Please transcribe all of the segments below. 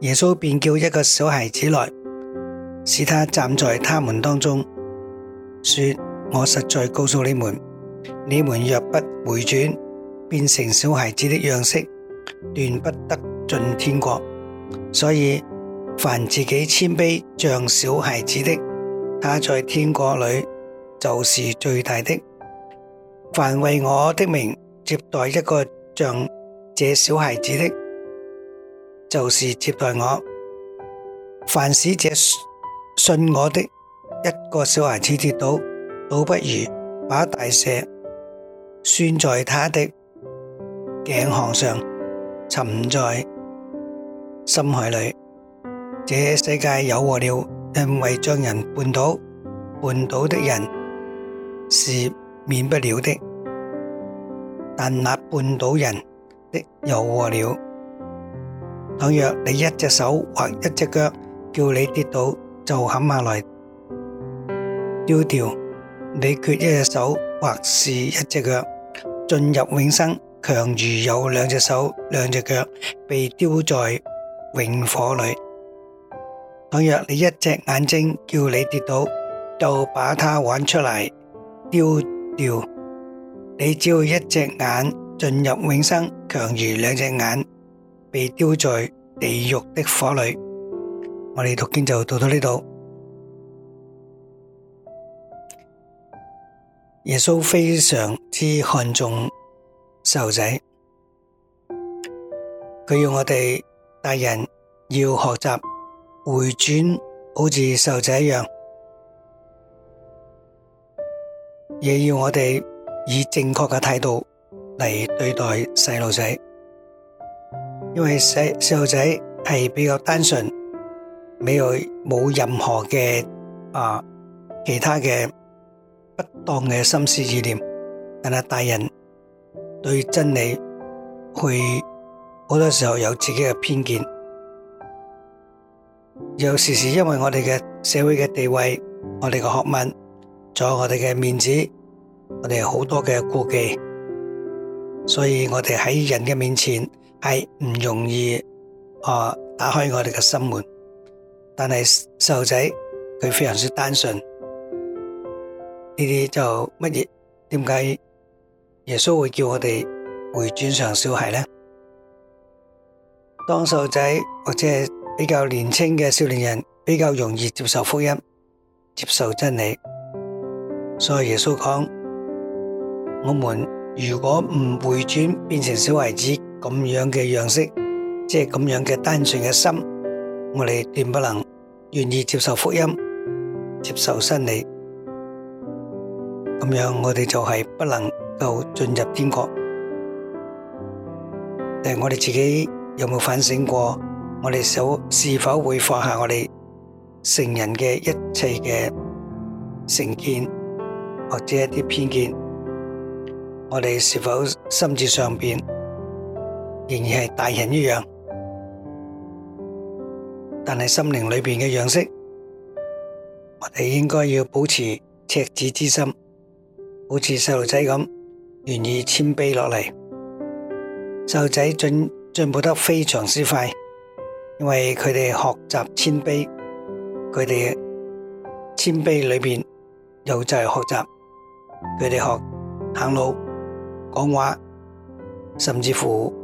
耶穌便叫一個小孩子來，使他站在他們當中，說：我實在告訴你們，你們若不回轉，變成小孩子的樣式，斷不得進天國。所以，凡自己謙卑像小孩子的，他在天國裏就是最大的。凡為我的名接待一個像這小孩子的，就是接待我，凡使這信我的一個小孩子跌倒，倒不如把大石拴在他的頸項上，沉在深海裏。這世界有禍了，因為將人絆倒，絆倒的人是免不了的。但那絆倒人的有禍了。倘若你一隻手或一隻腳叫你跌倒，就砍下來丟掉，你缺一隻手或是一隻腳進入永生，強如有兩隻手兩隻腳被丟在永火裡。倘若你一隻眼睛叫你跌倒，就把它玩出嚟丟掉，你只要一隻眼進入永生，強如兩隻眼，被丟在地獄的火裏。我哋讀經就讀到呢度。耶穌非常之看重細路仔，佢要我哋大人要學習回轉，好似細路仔一樣，也要我哋以正確嘅態度嚟對待細路仔。因為細細路仔係比較單純，沒有冇任何嘅，啊其他嘅不當嘅心思意念，但係大人對真理，會好多時候有自己嘅偏見，有時是因為我哋嘅社會嘅地位，我哋嘅學問，仲有我哋嘅面子，我哋好多嘅顧忌，所以我哋喺人嘅面前。係唔容易、哦、打開我哋嘅心門，但係細路仔佢非常之單純，呢啲就乜嘢？點解耶穌會叫我哋回轉成小孩呢？當細路仔或者比較年輕嘅少年人，比較容易接受福音、接受真理，所以耶穌講：，我哋如果唔回轉，變成小孩子。咁樣嘅樣式，即係咁樣嘅單純嘅心，我哋斷不能願意接受福音、接受真理。咁樣我哋就係不能夠進入天國。但係，我哋自己有冇反省過？我哋首是否會放下我哋成人嘅一切嘅成見，或者一啲偏見？我哋是否心智上面？仍然係大人一樣，但係心靈裏面嘅樣式，我哋應該要保持赤子之心，好似細路仔咁，願意謙卑落嚟。細路仔進進步得非常之快，因為佢哋學習謙卑，佢哋謙卑裏面又就係學習，佢哋學行路、講話，甚至乎。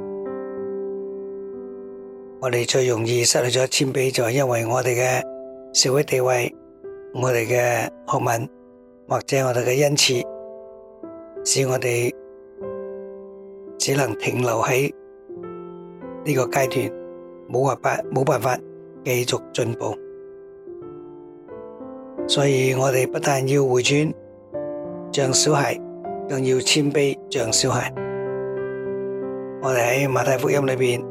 我哋最容易失去咗謙卑，就係因為我哋嘅社會地位、我哋嘅學問或者我哋嘅恩賜，使我哋只能停留喺呢個階段，冇辦法冇辦法繼續進步。所以我哋不但要回轉，像小孩，更要謙卑，像小孩。我哋喺馬太福音裏邊。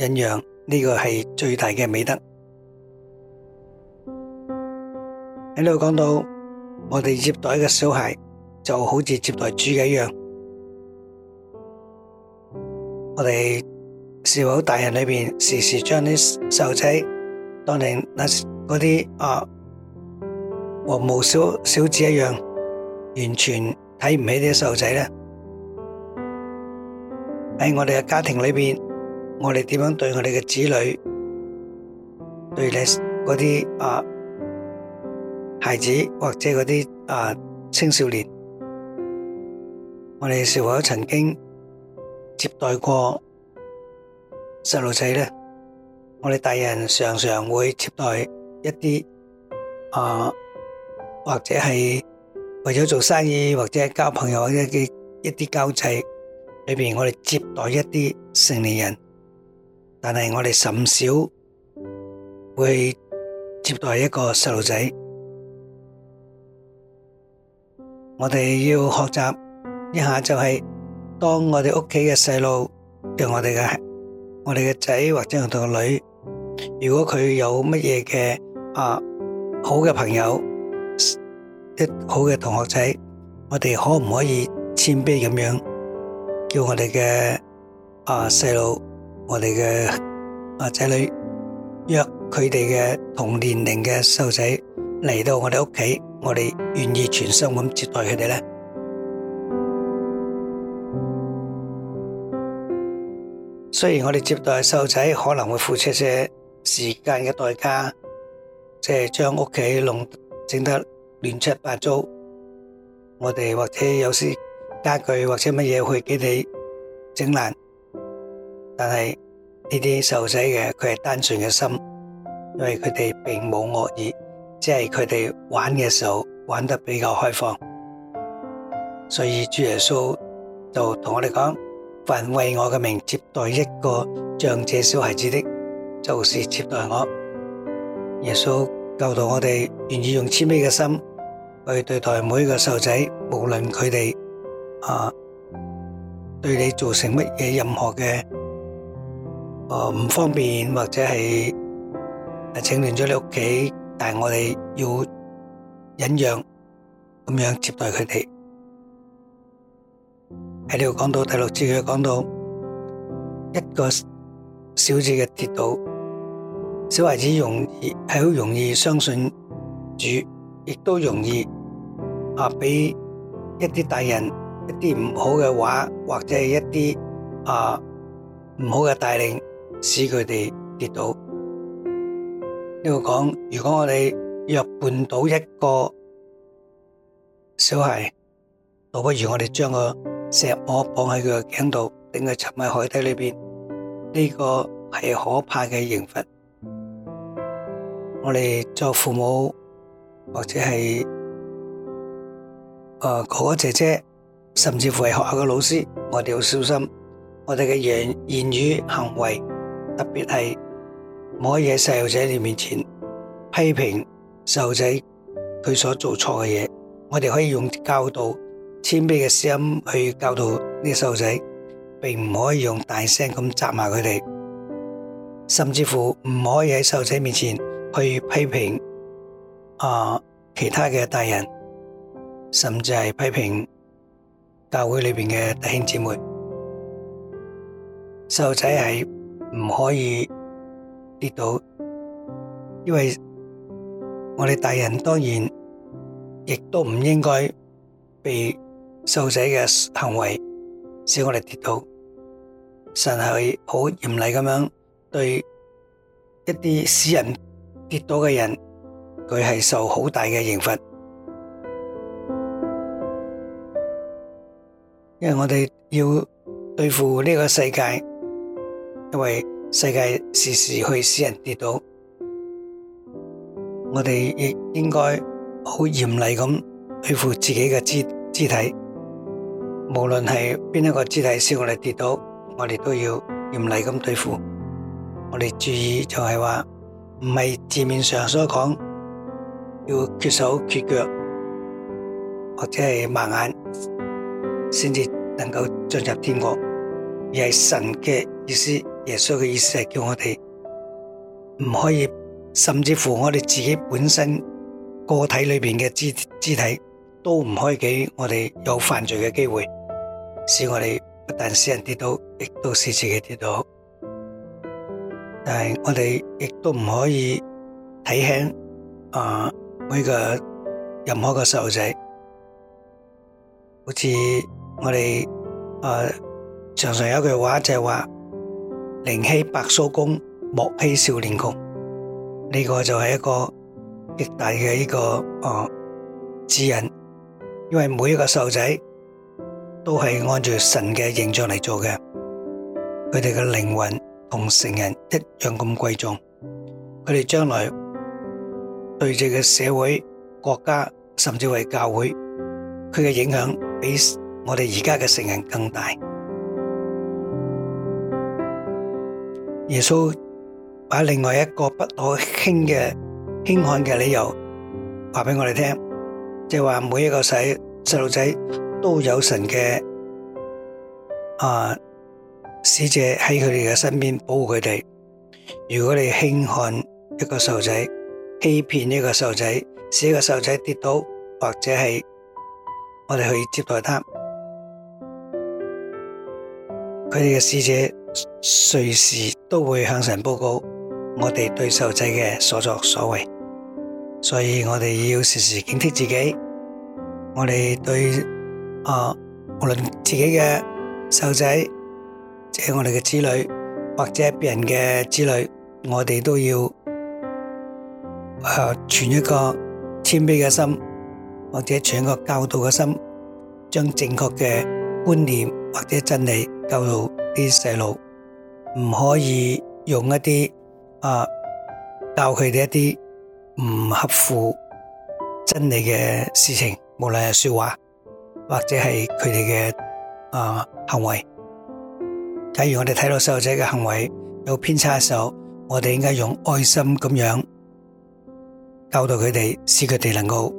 忍讓呢個係最大嘅美德。喺呢度講到，我哋接待嘅小孩就好似接待主嘅一樣。我哋是否大人裏邊時時將啲細路仔當成那嗰啲啊和無小小子一樣，完全睇唔起啲細路仔咧？喺我哋嘅家庭裏邊。我哋點樣對我哋嘅子女，對你嗰啲孩子或者嗰啲啊青少年，我哋是否曾經接待過細路仔呢？我哋大人常常會接待一啲啊，或者係為咗做生意或者交朋友一啲一啲交際裡面，我哋接待一啲成年人。但係我哋甚少會接待一個細路仔，我哋要學習一下就係當我哋屋企嘅細路，叫我哋嘅我哋嘅仔或者我哋嘅女，如果佢有乜嘢嘅啊好嘅朋友，啲好嘅同學仔，我哋可唔可以謙卑咁樣叫我哋嘅啊細路？我哋嘅啊仔女約佢哋嘅同年齡嘅細路仔嚟到我哋屋企，我哋願意全心咁接待佢哋咧。雖然我哋接待細路仔可能會付出些時間嘅代價，即係將屋企弄整得亂七八糟，我哋或者有啲家具或者乜嘢會畀佢哋整爛。但係呢啲細路仔嘅，佢係單純嘅心，因為佢哋並冇惡意，只係佢哋玩嘅時候玩得比較開放，所以主耶穌就同我哋講：凡為我嘅名接待一個像這小孩子的，就是接待我。耶穌教導我哋，願意用謙卑嘅心去對待每一個細路仔，無論佢哋啊對你造成乜嘢任何嘅。誒，唔方便或者係請連咗你屋企，但係我哋要忍讓咁樣接待佢哋。喺呢度講到第六節，佢講到一個小子嘅跌倒，小孩子容易係好容易相信主，亦都容易啊俾一啲大人一啲唔好嘅話，或者係一啲啊唔好嘅帶領。使佢哋跌倒。呢度講，如果我哋若絆倒一個小孩，倒不如我哋將個石磨綁喺佢個頸度，令佢沉喺海底裏邊。呢、這個係可怕嘅刑罰。我哋做父母，或者係誒、呃、哥哥姐姐，甚至乎係學校嘅老師，我哋要小心我哋嘅言言語行為。特別係唔可以喺細路仔面前批評細路仔佢所做錯嘅嘢，我哋可以用教導謙卑嘅聲音去教導呢個細路仔，並唔可以用大聲咁責罵佢哋，甚至乎唔可以喺細路仔面前去批評啊、呃、其他嘅大人，甚至係批評教會裏面嘅弟兄姐妹。細路仔係。唔可以跌倒，因為我哋大人當然亦都唔應該被受害者嘅行為使我哋跌倒。神係好嚴厲咁樣對一啲使人跌倒嘅人，佢係受好大嘅刑罰，因為我哋要對付呢個世界。因為世界時時會使人跌倒，我哋亦應該好嚴厲咁對付自己嘅肢肢體。無論係邊一個肢體使我哋跌倒，我哋都要嚴厲咁對付。我哋注意就係話，唔係字面上所講要缺手缺腳或者係盲眼，先至能夠進入天國，而係神嘅意思。耶穌嘅意思係叫我哋唔可以，甚至乎我哋自己本身個體裏面嘅肢肢體都唔可以，俾我哋有犯罪嘅機會，使我哋不但使人跌倒，亦都使自己跌倒。但係我哋亦都唔可以睇輕啊每個任何個細路仔，好似我哋、呃、常常有一句話就係話。寧欺白鬚公，莫欺少年窮。呢個就係一個極大嘅呢個誒指引，因為每一個細路仔都係按照神嘅形象嚟做嘅，佢哋嘅靈魂同成人一樣咁貴重，佢哋將來對住嘅社會、國家，甚至為教會，佢嘅影響比我哋而家嘅成人更大。耶穌把另外一個不可輕嘅輕看嘅理由話俾我哋聽，即係話每一個細細路仔都有神嘅啊使者喺佢哋嘅身邊保護佢哋。如果你輕看一個細路仔，欺騙一個細路仔，使一個細路仔跌倒，或者係我哋去接待他，佢哋嘅使者隨時都會向神報告我哋對細路仔嘅所作所為，所以我哋要時時警惕自己。我哋對啊，無論自己嘅細路仔，即係我哋嘅子女，或者別人嘅子女，我哋都要啊，傳一個謙卑嘅心，或者傳一個教導嘅心，將正確嘅觀念或者真理教導。啲細路唔可以用一啲啊教佢哋一啲唔合乎真理嘅事情，無論係說話或者係佢哋嘅啊行為。假如我哋睇到細路仔嘅行為有偏差嘅時候，我哋應該用愛心咁樣教導佢哋，使佢哋能夠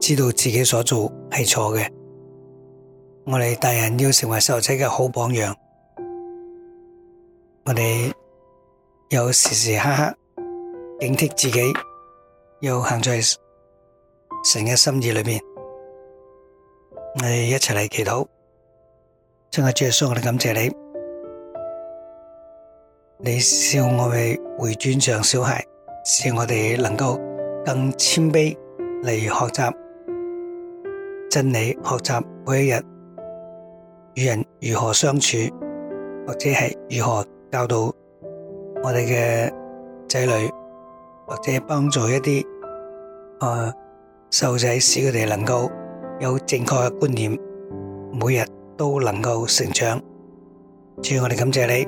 知道自己所做係錯嘅。我哋大人要成為細路仔嘅好榜樣。我哋又時時刻刻警惕自己，又行在神嘅心意裏面。我哋一齊嚟祈禱，親愛主耶穌，我哋感謝你。你笑我哋回轉像小孩，笑我哋能夠更謙卑嚟學習真理，學習每一日與人如何相處，或者係如何。教導我哋嘅仔女，或者幫助一啲誒細路仔，使佢哋能夠有正確嘅觀念，每日都能夠成長。主，我哋感謝你，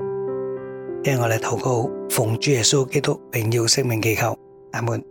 聽我哋禱告，奉主耶穌基督榮耀聖名祈求，阿門。